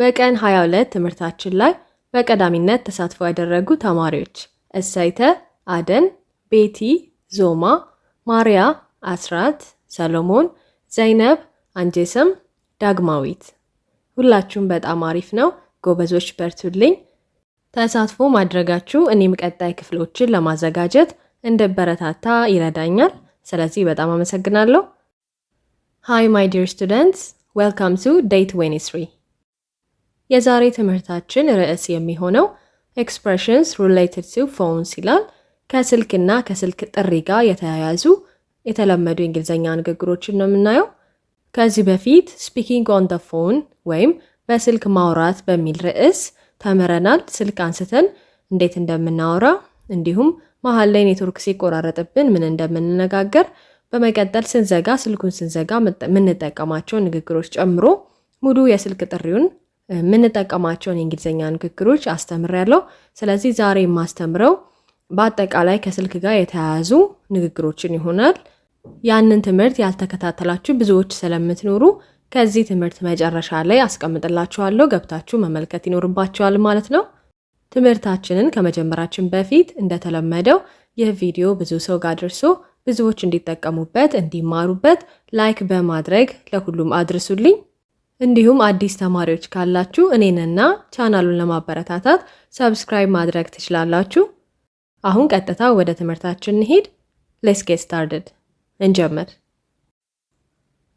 በቀን 22 ትምህርታችን ላይ በቀዳሚነት ተሳትፎ ያደረጉ ተማሪዎች እሰይተ አደን፣ ቤቲ፣ ዞማ፣ ማሪያ፣ አስራት፣ ሰሎሞን፣ ዘይነብ፣ አንጄስም፣ ዳግማዊት ሁላችሁም በጣም አሪፍ ነው። ጎበዞች በርቱልኝ። ተሳትፎ ማድረጋችሁ እኔም ቀጣይ ክፍሎችን ለማዘጋጀት እንደበረታታ ይረዳኛል። ስለዚህ በጣም አመሰግናለሁ። Hi my dear students, welcome to day 23. የዛሬ ትምህርታችን ርዕስ የሚሆነው ኤክስፕሬሽንስ ሪሌትድ ቱ ፎንስ ይላል። ከስልክና ከስልክ ጥሪ ጋር የተያያዙ የተለመዱ የእንግሊዝኛ ንግግሮችን ነው የምናየው። ከዚህ በፊት ስፒኪንግ ኦን ደ ፎን ወይም በስልክ ማውራት በሚል ርዕስ ተምረናል። ስልክ አንስተን እንዴት እንደምናወራ እንዲሁም መሀል ላይ ኔትወርክ ሲቆራረጥብን ምን እንደምንነጋገር በመቀጠል ስንዘጋ ስልኩን ስንዘጋ የምንጠቀማቸው ንግግሮች ጨምሮ ሙሉ የስልክ ጥሪውን የምንጠቀማቸውን የእንግሊዝኛ ንግግሮች አስተምሬያለሁ። ስለዚህ ዛሬ የማስተምረው በአጠቃላይ ከስልክ ጋር የተያያዙ ንግግሮችን ይሆናል። ያንን ትምህርት ያልተከታተላችሁ ብዙዎች ስለምትኖሩ ከዚህ ትምህርት መጨረሻ ላይ አስቀምጥላችኋለሁ ገብታችሁ መመልከት ይኖርባችኋል ማለት ነው። ትምህርታችንን ከመጀመራችን በፊት እንደተለመደው ይህ ቪዲዮ ብዙ ሰው ጋር ደርሶ ብዙዎች እንዲጠቀሙበት፣ እንዲማሩበት ላይክ በማድረግ ለሁሉም አድርሱልኝ። እንዲሁም አዲስ ተማሪዎች ካላችሁ እኔንና ቻናሉን ለማበረታታት ሰብስክራይብ ማድረግ ትችላላችሁ። አሁን ቀጥታ ወደ ትምህርታችን እንሄድ። ሌስ ጌት ስታርትድ እንጀምር።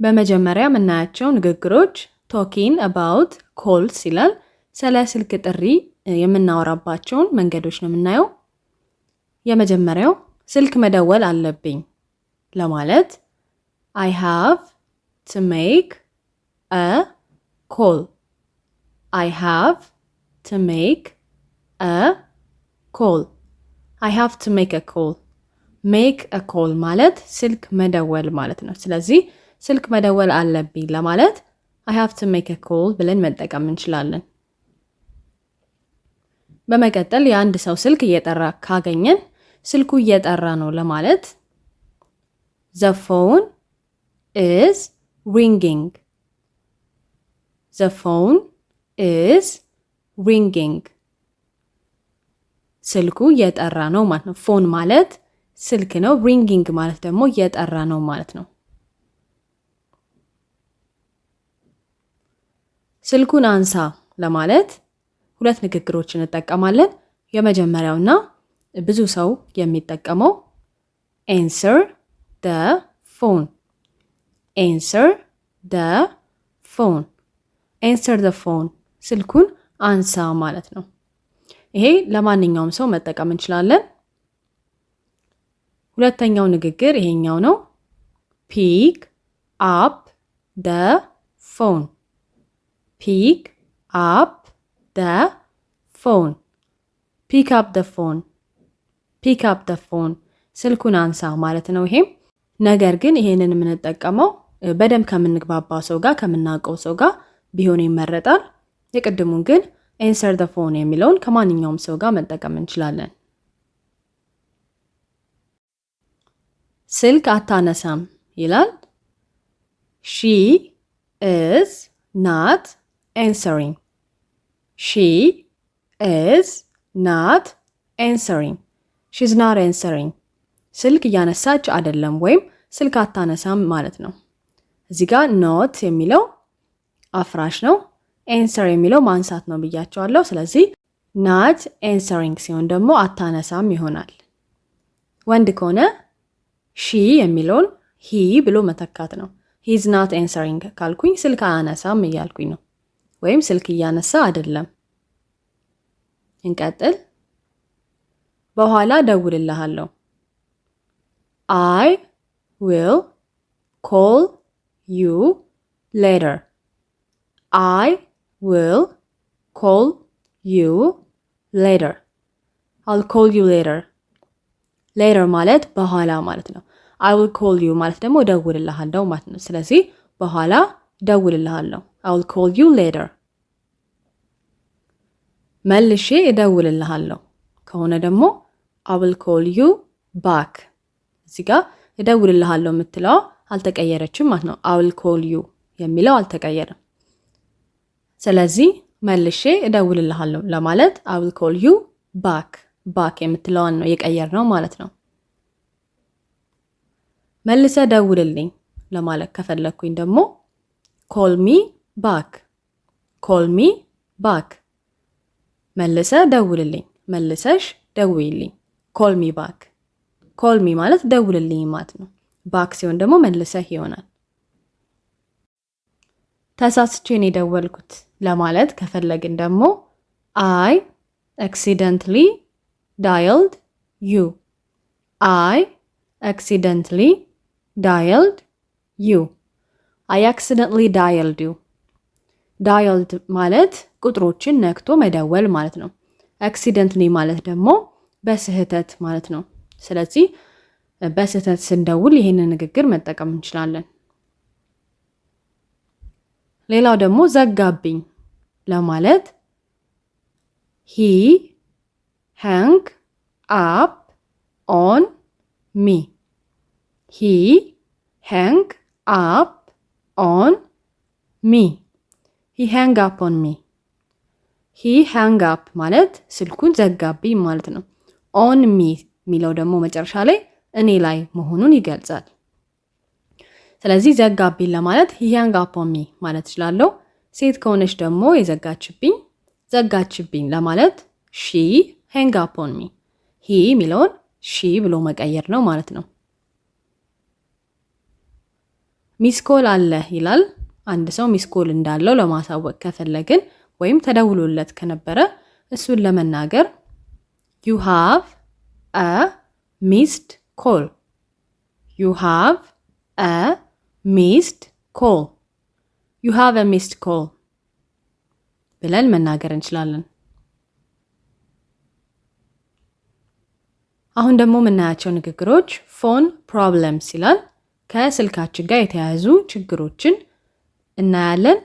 በመጀመሪያ የምናያቸው ንግግሮች ቶኪን አባውት ኮልስ ይላል። ስለ ስልክ ጥሪ የምናወራባቸውን መንገዶች ነው የምናየው። የመጀመሪያው ስልክ መደወል አለብኝ ለማለት አይ ሃቭ ቱ ሜክ a call. I have to make a call. አይ ሃቭ ቱ ሜክ አ ኮል። ሜክ አ ኮል ማለት ስልክ መደወል ማለት ነው። ስለዚህ ስልክ መደወል አለብኝ ለማለት አይ ሃቭ ቱ ሜክ አ ኮል ብለን መጠቀም እንችላለን። በመቀጠል የአንድ ሰው ስልክ እየጠራ ካገኘን ስልኩ እየጠራ ነው ለማለት ዘ ፎን ኢዝ ሪንጊንግ ዘ ፎን ኢዝ ሪንጊንግ። ስልኩ የጠራ ነው ማለት ነው። ፎን ማለት ስልክ ነው። ሪንጊንግ ማለት ደግሞ የጠራ ነው ማለት ነው። ስልኩን አንሳ ለማለት ሁለት ንግግሮች እንጠቀማለን። የመጀመሪያውና ብዙ ሰው የሚጠቀመው ኤንሰር ደ ፎን ኤንሰር ደ ፎን ኤንሰር ዘ ፎን ስልኩን አንሳ ማለት ነው። ይሄ ለማንኛውም ሰው መጠቀም እንችላለን። ሁለተኛው ንግግር ይሄኛው ነው። ፒክ አፕ ደ ፎን፣ ፒክ አፕ ደ ፎን፣ ፒክ አፕ ደ ፎን፣ ፒክ አፕ ደ ፎን ስልኩን አንሳ ማለት ነው። ይሄም ነገር ግን ይሄንን የምንጠቀመው በደንብ ከምንግባባ ሰው ጋር ከምናውቀው ሰው ጋር ቢሆን ይመረጣል። የቅድሙን ግን ኤንሰር ደ ፎን የሚለውን ከማንኛውም ሰው ጋር መጠቀም እንችላለን። ስልክ አታነሳም ይላል። ሺ ኢዝ ናት ኤንሰሪንግ። ሺ ኢዝ ናት ኤንሰሪንግ። ሺዝ ናት ኤንሰሪንግ ስልክ እያነሳች አይደለም ወይም ስልክ አታነሳም ማለት ነው። እዚህ ጋር ኖት የሚለው አፍራሽ ነው። ኤንሰር የሚለው ማንሳት ነው ብያቸዋለሁ። ስለዚህ ናት ኤንሰሪንግ ሲሆን ደግሞ አታነሳም ይሆናል። ወንድ ከሆነ ሺ የሚለውን ሂ ብሎ መተካት ነው። ሂዝ ናት ኤንሰሪንግ ካልኩኝ ስልክ አያነሳም እያልኩኝ ነው፣ ወይም ስልክ እያነሳ አይደለም። እንቀጥል። በኋላ ደውልልሃለሁ። አይ ዊል ኮል ዩ ሌተር አይ ዊል ኮል ዩ ሌተር አል ኮል ዩ ሌተር ሌተር ማለት በኋላ ማለት ነው። አይ ዊል ኮል ዩ ማለት ደግሞ እደውልልሃለሁ ማለት ነው። ስለዚህ በኋላ እደውልልሃለሁ። አይ ዊል ኮል ዩ ሌተር። መልሼ እደውልልሃለሁ ከሆነ ደግሞ አይ ዊል ኮል ዩ ባክ። እዚህ ጋር እደውልልሃለሁ የምትለው አልተቀየረችም ማለት ነው። አይ ዊል ኮል ዩ የሚለው አልተቀየረም። ስለዚህ መልሼ እደውልልሃለሁ ለማለት አይ ዊል ኮል ዩ ባክ ባክ የምትለዋን ነው የቀየር ነው ማለት ነው። መልሰ ደውልልኝ ለማለት ከፈለግኩኝ ደግሞ ኮል ሚ ባክ ኮል ሚ ባክ መልሰ ደውልልኝ፣ መልሰሽ ደውይልኝ፣ ኮል ሚ ባክ። ኮል ሚ ማለት ደውልልኝ ማለት ነው። ባክ ሲሆን ደግሞ መልሰህ ይሆናል። ተሳስቼ ነው የደወልኩት ለማለት ከፈለግን ደግሞ አይ አክሲደንትሊ ዳይልድ ዩ አይ አክሲደንትሊ ዳይልድ ዩ አይ አክሲደንትሊ ዳይልድ ዩ። ዳይልድ ማለት ቁጥሮችን ነክቶ መደወል ማለት ነው። አክሲደንትሊ ማለት ደግሞ በስህተት ማለት ነው። ስለዚህ በስህተት ስንደውል ይህንን ንግግር መጠቀም እንችላለን። ሌላው ደግሞ ዘጋብኝ ለማለት ሂ ሃንግ አፕ ኦን ሚ ሂ ሃንግ አፕ ኦን ሚ ሂ ሃንግ አፕ ኦን ሚ ሂ ሃንግ አፕ ማለት ስልኩን ዘጋብኝ ማለት ነው። ኦን ሚ የሚለው ደግሞ መጨረሻ ላይ እኔ ላይ መሆኑን ይገልጻል። ስለዚህ ዘጋብኝ ለማለት ሂያንግ ማለት እችላለሁ። ሴት ከሆነች ደግሞ የዘጋችብኝ ዘጋችብኝ ለማለት ሺ ሄንግ ሂ የሚለውን ሺ ብሎ መቀየር ነው ማለት ነው። ሚስኮል አለ ይላል። አንድ ሰው ሚስኮል እንዳለው ለማሳወቅ ከፈለግን ወይም ተደውሎለት ከነበረ እሱን ለመናገር ዩ ሃቭ አ ሚስድ ኮል ዩ ሃቭ አ ሚስድ ኮል ዩ ሃቭ አ ሚስድ ኮል ብለን መናገር እንችላለን። አሁን ደግሞ የምናያቸው ንግግሮች ፎን ፕሮብለምስ ይላል። ከስልካችን ጋር የተያያዙ ችግሮችን እናያለን።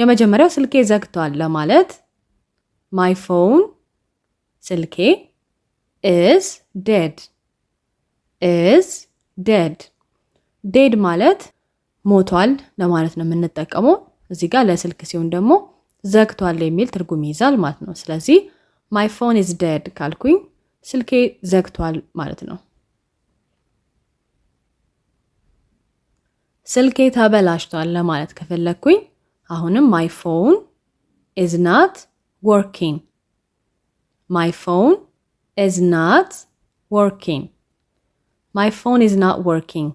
የመጀመሪያው ስልኬ ዘግቷል ለማለት ማይ ፎን ስልኬ ኢዝ ዴድ ኢዝ ዴድ ዴድ ማለት ሞቷል ለማለት ነው የምንጠቀመው። እዚህ ጋር ለስልክ ሲሆን ደግሞ ዘግቷል የሚል ትርጉም ይይዛል ማለት ነው። ስለዚህ ማይ ፎን ኢዝ ዴድ ካልኩኝ ስልኬ ዘግቷል ማለት ነው። ስልኬ ተበላሽቷል ለማለት ከፈለግኩኝ አሁንም ማይ ፎን ኢዝ ናት ወርኪንግ ማይ ፎን ኢዝ ናት ወርኪንግ ማይ ፎን ኢዝ ናት ወርኪንግ፣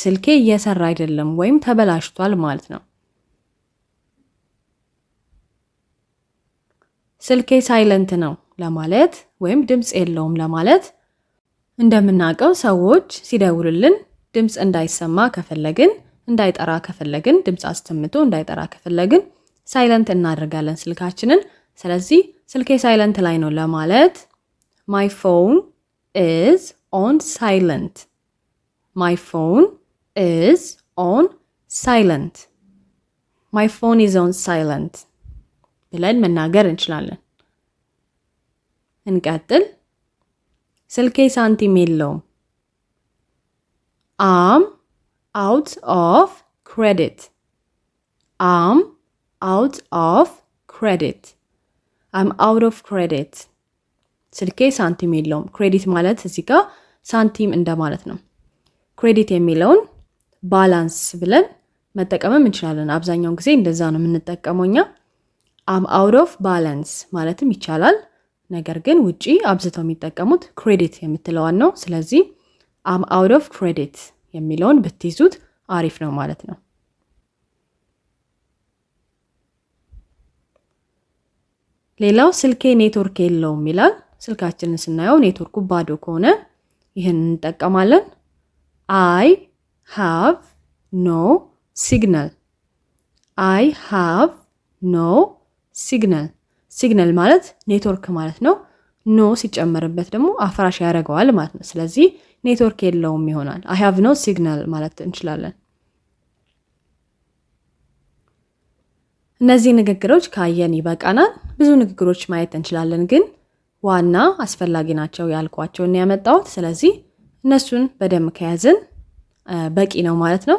ስልኬ እየሰራ አይደለም ወይም ተበላሽቷል ማለት ነው። ስልኬ ሳይለንት ነው ለማለት ወይም ድምፅ የለውም ለማለት እንደምናውቀው ሰዎች ሲደውሉልን ድምፅ እንዳይሰማ ከፈለግን እንዳይጠራ ከፈለግን ድምፅ አስተምቶ እንዳይጠራ ከፈለግን ሳይለንት እናደርጋለን ስልካችንን። ስለዚህ ስልኬ ሳይለንት ላይ ነው ለማለት ማይ ፎን ኢዝ on silent. My phone is on silent. My phone is on silent ብለን መናገር እንችላለን። እንቀጥል። ስልኬ ሳንቲም የለውም። am out of credit. I'm out of credit. I'm out of credit. ስልኬ ሳንቲም የለውም። ክሬዲት ማለት እዚህ ጋ ሳንቲም እንደማለት ነው። ክሬዲት የሚለውን ባላንስ ብለን መጠቀምም እንችላለን። አብዛኛውን ጊዜ እንደዛ ነው የምንጠቀመው እኛ። አም አውት ኦፍ ባላንስ ማለትም ይቻላል። ነገር ግን ውጪ አብዝተው የሚጠቀሙት ክሬዲት የምትለዋን ነው። ስለዚህ አም አውት ኦፍ ክሬዲት የሚለውን ብትይዙት አሪፍ ነው ማለት ነው። ሌላው ስልኬ ኔትወርክ የለውም ይላል። ስልካችንን ስናየው ኔትወርኩ ባዶ ከሆነ ይህን እንጠቀማለን። አይ ሃቭ ኖ ሲግናል፣ አይ ሃቭ ኖ ሲግናል። ሲግናል ማለት ኔትወርክ ማለት ነው። ኖ ሲጨመርበት ደግሞ አፍራሽ ያደርገዋል ማለት ነው። ስለዚህ ኔትወርክ የለውም ይሆናል። አይ ሃቭ ኖ ሲግናል ማለት እንችላለን። እነዚህ ንግግሮች ካየን ይበቃናል። ብዙ ንግግሮች ማየት እንችላለን ግን ዋና አስፈላጊ ናቸው ያልኳቸውን ያመጣሁት። ስለዚህ እነሱን በደንብ ከያዝን በቂ ነው ማለት ነው።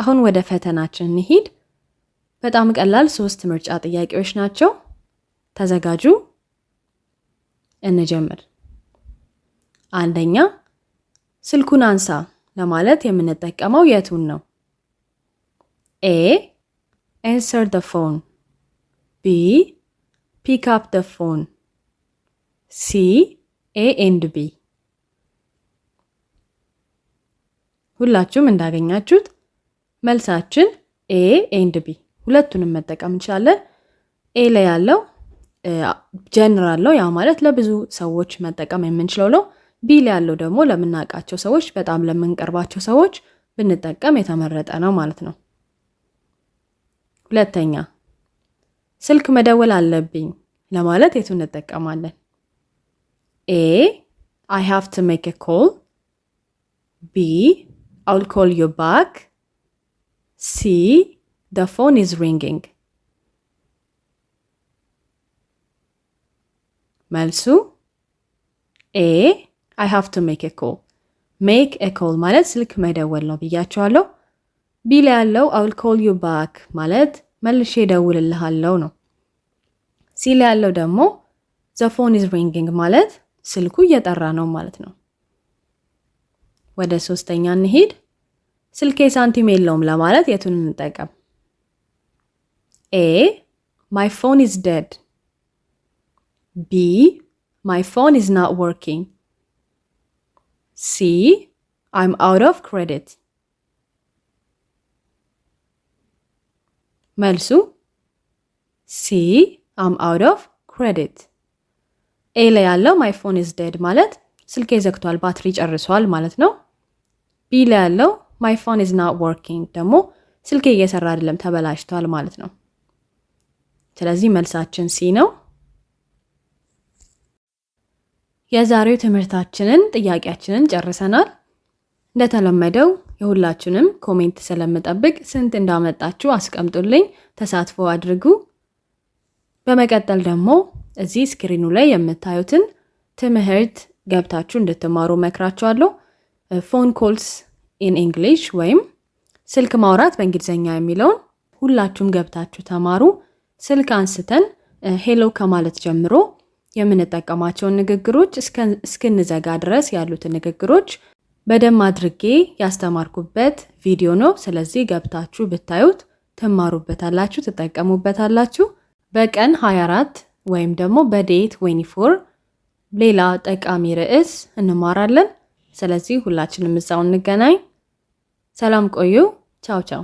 አሁን ወደ ፈተናችን እንሂድ። በጣም ቀላል ሶስት ምርጫ ጥያቄዎች ናቸው። ተዘጋጁ። እንጀምር። አንደኛ ስልኩን አንሳ ለማለት የምንጠቀመው የቱን ነው? ኤ ኤንሰር ደ ፎን፣ ቢ ፒክ አፕ ደ ፎን ሲ ኤ ኤንድ ቢ። ሁላችሁም እንዳገኛችሁት መልሳችን ኤ ኤንድ ቢ ሁለቱንም መጠቀም እንችላለን። ኤ ላይ ያለው ጀነራል ነው፣ ያ ማለት ለብዙ ሰዎች መጠቀም የምንችለው ነው። ቢ ላይ ያለው ደግሞ ለምናውቃቸው ሰዎች፣ በጣም ለምንቀርባቸው ሰዎች ብንጠቀም የተመረጠ ነው ማለት ነው። ሁለተኛ ስልክ መደወል አለብኝ ለማለት የቱ እንጠቀማለን? ኤ አይ ሃቭ ቱ ሜክ ኤ ኮል፣ ቢ አውል ኮል ዩ ባክ፣ ሲ ደ ፎን ኢዝ ሪንጊንግ። መልሱ ኤ አይ ሃቭ ቱ ሜክ ኤ ኮል። ሜክ ኤ ኮል ማለት ስልክ መደወል ነው ብያቸዋለሁ። ቢ ላይ ያለው አውል ኮል ዩ ባክ ማለት መልሼ ደውልልሃለው ነው። ሲ ላይ ያለው ደግሞ ዘ ፎን ኢዝ ሪንጊንግ ማለት ስልኩ እየጠራ ነው ማለት ነው። ወደ ሶስተኛ እንሄድ። ስልኬ ሳንቲም የለውም ለማለት የቱን እንጠቀም? ኤ ማይ ፎን ኢዝ ደድ፣ ቢ ማይ ፎን ኢዝ ናት ወርኪንግ፣ ሲ አይም አውት ኦፍ ክሬዲት። መልሱ ሲ አም አውት ኦፍ ክሬዲት። ኤ ላይ ያለው ማይ ፎን ኢዝ ዴድ ማለት ስልኬ ዘግቷል፣ ባትሪ ጨርሷል ማለት ነው። ቢ ላይ ያለው ማይ ፎን ኢዝ ናት ወርኪንግ ደግሞ ስልኬ እየሰራ አይደለም፣ ተበላሽቷል ማለት ነው። ስለዚህ መልሳችን ሲ ነው። የዛሬው ትምህርታችንን ጥያቄያችንን ጨርሰናል። እንደተለመደው የሁላችንም ኮሜንት ስለምጠብቅ ስንት እንዳመጣችሁ አስቀምጡልኝ፣ ተሳትፎ አድርጉ። በመቀጠል ደግሞ እዚህ ስክሪኑ ላይ የምታዩትን ትምህርት ገብታችሁ እንድትማሩ መክራችኋለሁ። ፎን ኮልስ ኢን ኢንግሊሽ ወይም ስልክ ማውራት በእንግሊዝኛ የሚለውን ሁላችሁም ገብታችሁ ተማሩ። ስልክ አንስተን ሄሎ ከማለት ጀምሮ የምንጠቀማቸውን ንግግሮች እስክንዘጋ ድረስ ያሉትን ንግግሮች በደንብ አድርጌ ያስተማርኩበት ቪዲዮ ነው። ስለዚህ ገብታችሁ ብታዩት ትማሩበታላችሁ፣ ትጠቀሙበታላችሁ። በቀን 24 ወይም ደግሞ በዴት ፎር ሌላ ጠቃሚ ርዕስ እንማራለን። ስለዚህ ሁላችንም እዛው እንገናኝ። ሰላም ቆዩ። ቻው ቻው።